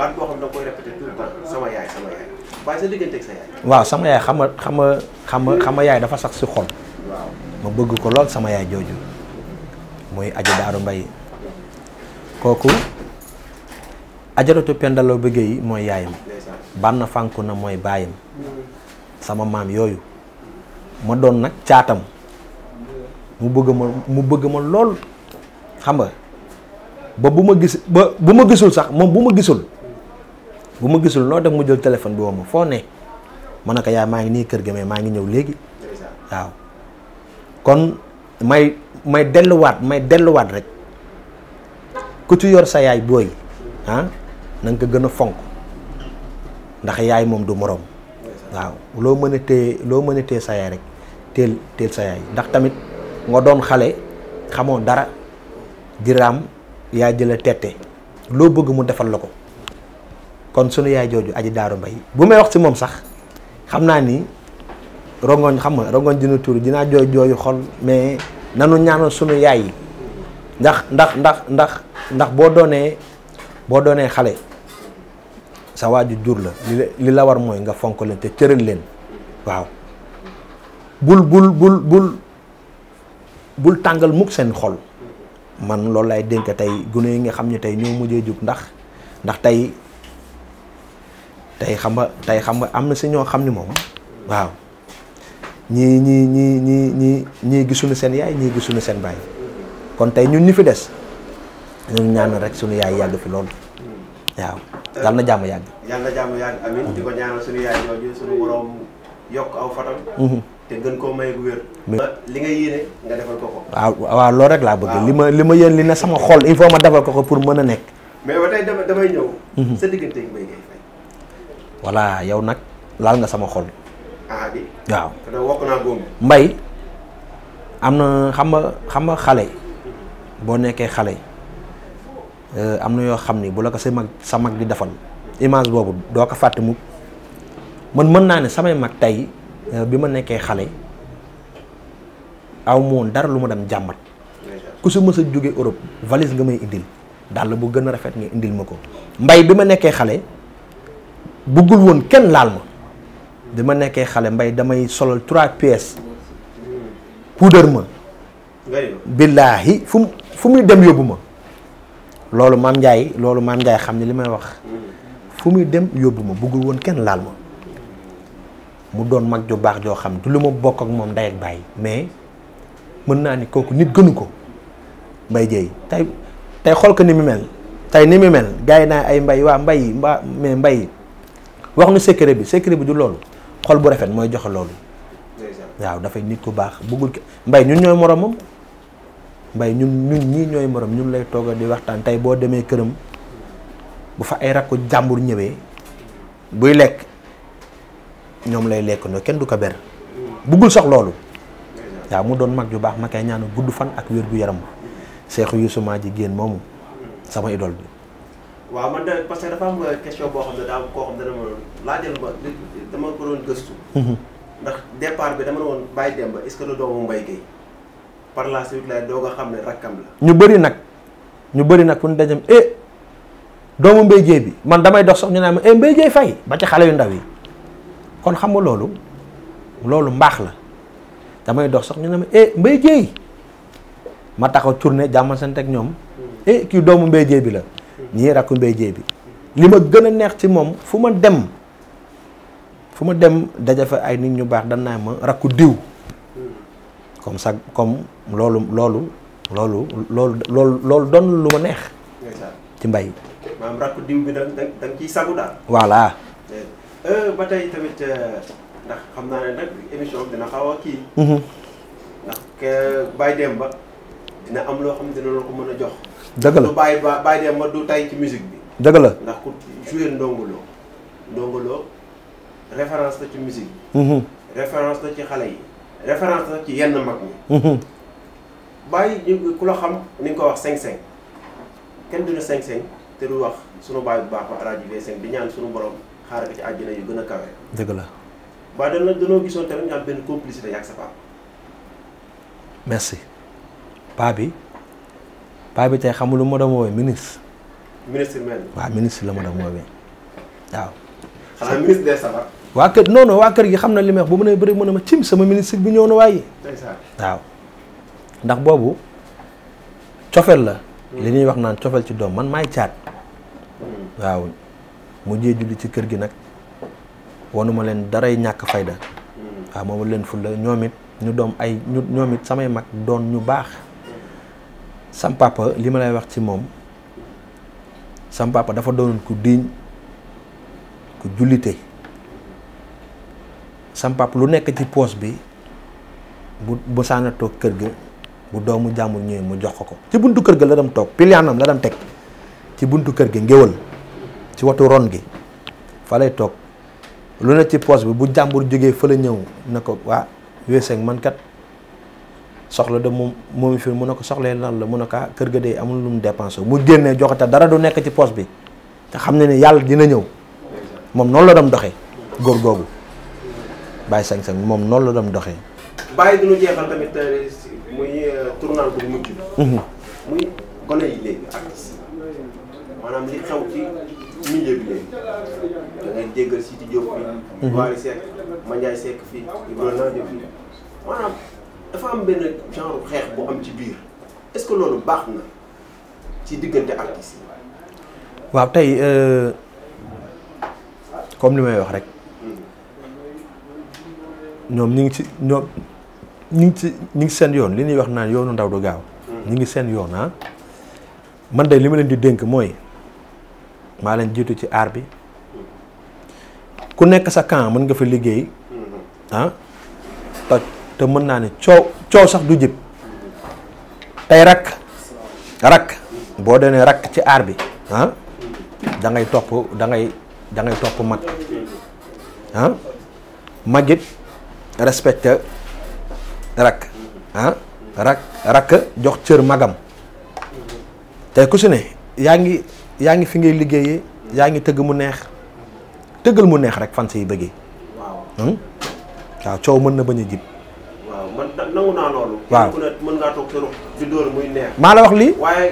baat boo xam waaw sama yaay xam nga xam xama yaay dafa sax si xol. ma bëgg ko lool sama yaay jooju mooy aji daaru mbay kooku ajaratu pendaloo bëggee yi mooy yaayam bànn fànku na mooy baayam mm-hmm. sama maam yooyu ma doon nag caatam mu bëgg ma mu bëgg ma lool xam nga ba bu ma gis ba bu ma gisul sax moom bu ma gisul bu ma gisul noo def mu jël téléphone bi woo ma foo ne mën ne ko yaa maa ngi nii kër ga mais maa ngi ñëw léegi waaw kon may may delluwaat may delluwaat rek ku ci yor sa yaay booy ah ko gën a fonk ndax yaay moom du moroom waaw loo mën a téye loo mën a téye sa yaay rek teel teel sa yaay ndax tamit nga doon xale xamoo dara di raam yaa jëla tette loo bëgg mu defal la ko kon sunu yaay jooju aji daaru mbay bu may wax si moom sax xam naa ni rongoñ xam nga rongoñ dina tur dinaa jooy jooyu xol mais nanu ñaanal sunu yaay yi ndax ndax ndax ndax ndax boo doonee boo doonee xale sa waaju jur la li la war mooy nga fonk leen te cëral leen waaw bul bul bul bul bul tàngal mukk seen xol man loolu lay dénk tey gune yi nga xam ni tey ñoo mujjee jug ndax ndax tey tey xam nga tey xam nga am na si ñoo xam ni moom waaw ñii ñii ñii ñii ñii ñii gisuñu seen yaay ñii gisuñu seen baay kon tey ñun ñi fi des ñun ñaanal rek suñu yaay yàgg fi lool waaw yàlla na jàmm yàgg. yàlla na jàmm yàgg amiin di ko yokk aw fatam. Mhm. te gën koo may gu wér. li nga yéene nga defal ko ko. waaw waaw rek laa bëgg. li ma li ma yéen li na sama xol il faut ma defal ko ko pour mën a nekk. mais ba voilà yow nag laal nga sama xol. Ah, waaw. mbay am na xam nga xam nga xale. boo nekkee xale euh, am na yoo xam ni bu la ko sa mag sa mag di defal image boobu doo ko fàtte mu man mën naa ne samay mag tey euh, bi ma nekkee xale aw moom dara lu ma dem jàmbat ku si mës jóge Europe valise nga may indil dàll bu gën a rafet nga indil ma ko mbay bi ma nekkee xale buggul woon kenn laal ma dama nekkee xale mbay damay solal trois pièces puudar ma billaahi fu mu fu muy dem yóbbu ma loolu maam Ndiaye loolu maam Ndiaye xam ne li may wax fu muy dem yóbbu ma buggul woon kenn laal ma mu doon mag ju baax joo xam du lu ma bokk ak moom ndey ak bàyyi mais mën naa ni kooku nit gënu ko mbay jeey tey tey xool ko ni mu mel tey ni mu mel gars naa ay mbay waa mbay mbaa mais mbay wax nu secret bi secret bi du loolu xol bu rafet mooy joxe loolu waaw dafay nit ku baax bëggul mbay ñun ñooy moromam mbay ñun ñun ñii ñooy morom ñun lay tooga di waxtaan tey boo demee këram bu fa ay rakku jàmbur ñëwee buy lekk ñoom lay lekk noo kenn du ko ber buggul sax loolu waaw mu doon mag ju baax ma koy ñaanu gudd fan ak wér gu yaram Seexu Yuusu maa ji génn moomu sama idole bi waaw man de parce que dafa am question boo xam ne daa am koo xam ne dama doon laajal mhm. bi dama woon Baye Demba est-ce que du xam ne rakkam la. ñu bëri nag ñu bëri nag fu ñu dajam eh doomu Mbaye bi man damay dox sax ñu naan ma eh Mbaye ba ci xale yu ndaw yi kon xam nga loolu loolu mbaax la damay dox sax ñu ne ma eh Mbaye ma taxaw tourné jàmmal seen teg ñoom mm. eh kii doomu Mbaye bi la. ñii rakku mbeje bi li ma gën a neex ci moom fu ma dem fu ma dem daja fa ay nit ñu baax dan naa ma rakku diw comme ça comme loolu loolu loolu loolu loolu loolu doon lu ma neex ci mbay maam rakku diw bi da da da nga ciy sagu daal voilà euh, ba tey tamit euh, ndax xam naa ne nag émission dina xaw a kii mhm. ndax dem euh, Demba dina am loo xam ne dina la ko mën a jox dëgg la bàyyi ba dem ma du tay ci musique bi. dëgg la ndax ku joué Ndongo Lo Ndongo Lo référence la ci musique bi. Mhm. référence la ci xale yi. référence la ci yenn mag ñi. Mhm. bàyyi ñu ku la xam ni nga ko wax 5-5 kenn du ne 5-5 te du wax sunu bàyyi bu baax ba alaaji V5 di ñaan sunu borom xaaral ko ci àjjana yu gën a kawe. dëgg la. waaye dañoo dañoo gisoon tamit ñu am benn complicité yàgg sa papa. merci paa bi. paa bi tey xamul lu ma doon woowee ministre. ministre ministre la ma doon woowee waaw. waa kër non waa kër gi xam na li may mu nee bëri mën a ma cim sama ministre bi ñëw na waaye. waaw ndax boobu cofel la. Hmm. li ñuy wax naan cofel ci doom man maay caat. Hmm. waaw mu jee julli ci kër gi nag wanuma leen daray ñàkk fayda. Hmm. waaw moom leen fulla ñoomit ñu doom ay ñu ñoom it samay mag doon ñu baax. sam papa li ma lay wax ci moom sam dafa doonoon ku diiñ ku jullite sam lu nekk ci poos bi bu bu saana toog kër ga bu doomu jàmbur ñëwee mu jox ko ko ci buntu kër ga la dem toog pilianam la dem teg ci buntu kër gi ngéwal ci watu ron gi fa lay toog lu nekk ci poos bi bu jàmbur jógee fa la ñëw na ko waa weeseeg man kat soxla de moom moom fi mu ne ko soxlee lan la mu ne kaa kër ga dee amul lu mu mu génnee joxe dara du nekk ci pose bi te xam ne ne yàlla dina ñëw moom noonu la doon doxe góor googu Baye Sang Sang moom noonu la doon doxee. Baye dafa am benn genre xeex bu am ci biir est loolu baax na ci diggante artistes waaw tey euh, comme li may wax rek ñoom ñu ngi ci ñoom ñu ngi ci ñu ngi seen yoon li ñuy wax naan yoonu ndaw du gaaw. ñu ngi seen yoon ah. man de li ma leen di dénk mooy maa leen jiitu ci aar bi ku nekk sa camp mën nga fa liggéey toj. Ah. te mën naa ne coow coow sax du jib tey rakk rakk boo doonee rakk ci aar bi dangay ah, da topp da ngay da ngay topp mag ah mag it ah, rakk rakk jox cër magam te ku si ne yaa ngi yaa ngi fi ngay liggéeyee yaa ngi tëgg mu neex tëggal mu neex rek fan si yi bëggee hmm? waaw coow mën na bañ a jib man nangu naa loolu. waaw ku ne mën ngaa toog sa ruq di dóor muy neex. maa la wax lii waaye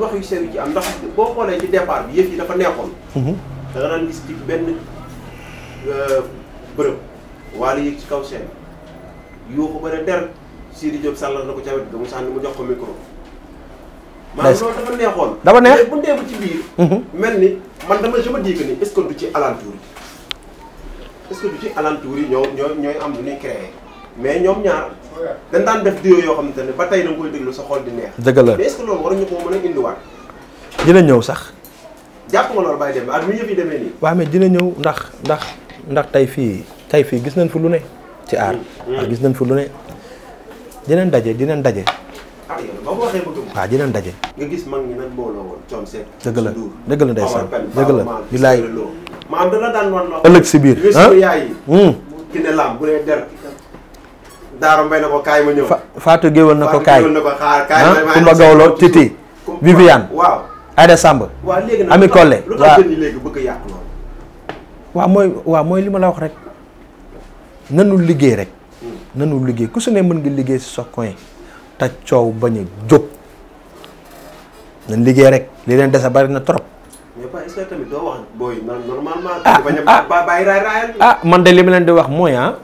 wax yu sew ci am ndax boo xoolee ci départ bi yëf yi dafa neexoon. Mhm. da nga daan gis ci benn euh, bërëb. waala yëg ci kaw seen yuuxu ba ne der Sidi Diop sàllal na ko ca wet ga mu sànni mu jox ko micro. maanaam loolu dafa neexoon. dafa neex bu ndee bu ci biir. Mhm. mel ni man dama je me dis que ni est-ce que du ci alentour yi est-ce que du ci alentour yi ñoo ñooy ñooy am lu ñuy créé mais ñoom ñaar dañ daan def duo yoo xamante ne ba tey da nga koy déglu sa xol di neex. dëgg la mais ko mën a dina ñëw sax. jàpp nga loolu bàyyi dem ak mi yëf yi dina ñëw ndax ndax ndax tey fii tey fii gis nañ fu lu ne. ci aar mm, mm. ak gis nañ fu lu ne. dinañ daje dinañ daje. ah yow ba mu nga gis mag ñi nag mbooloo woon coom seet. dëgg la dëgg la ndeysaan dëgg la bilaay. ëllëg si biir ah. Daaro Mbay na ko kaay ma ñëw. Fatou Géwal na ah, Kumba Gawlo Titi. Viviane waaw. Aïda Samb. waaw léegi lu bëgg yàq loolu. mooy waaw mooy li ma la wax rek nanu liggéey rek. Hmm. nanu liggéey ku su ne mën nga liggéey si sa coow bañ a jóg nan liggéey rek li leen dese bari na trop. mais ah ah. ah man de li ma leen di wax mooy ah.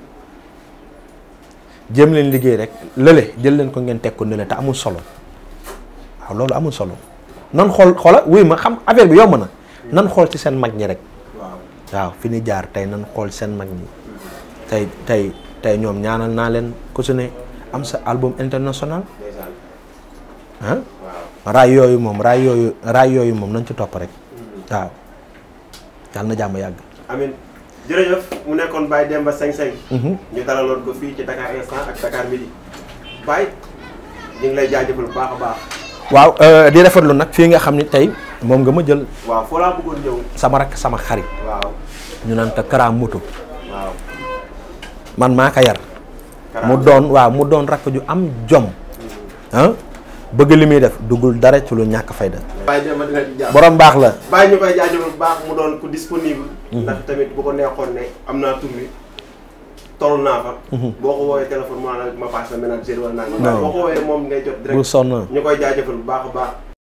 jëm leen liggéey rek lële jël leen ko ngeen teg ko lële te amul solo waaw loolu amul solo nan xool xoola wuy ma xam affaire bi yomb na nan xool ci seen mag ñi rek waaw fi ñu jaar tey nan xool seen mag ñi tey tey tey ñoom ñaanal naa leen ku su ne am sa album international ah raay yooyu moom raay yooyu raay yooyu moom nañ ci topp rek mm-hmm. waaw yàlla na jàmm yàgg jërëjëf mu nekkoon Baye Demba Seng Seng. Mhm. ñu dalaloon ko fii ci Dakar instant ak Dakar midi Baye ñu ngi lay jaajëfal bu baax a baax. waaw euh, di rafetlu nag fii nga xam ni tey moom nga ma jël. waaw foo laa bëggoon ñëw. sama rakk sama xarit. waaw ñu naan ko Kara Moto. waaw man maa ko yar. mu doon waaw mu doon rakk ju am jom. Mm. bëgg li muy def duggul dara ci lu ñàkk fayda borom baax la bàyyi ñu koy jaajëfal bu baax mu doon ku disponible mhm. ndax tamit bu ko neexoon ne am naa tur bi toll naa fa mhm. boo ko woowee téléphone mu naan ma passe la manager wala naan ma boo ko woowee moom ngay jot direct bu sonn ñu koy jaajëfal bu baax a baax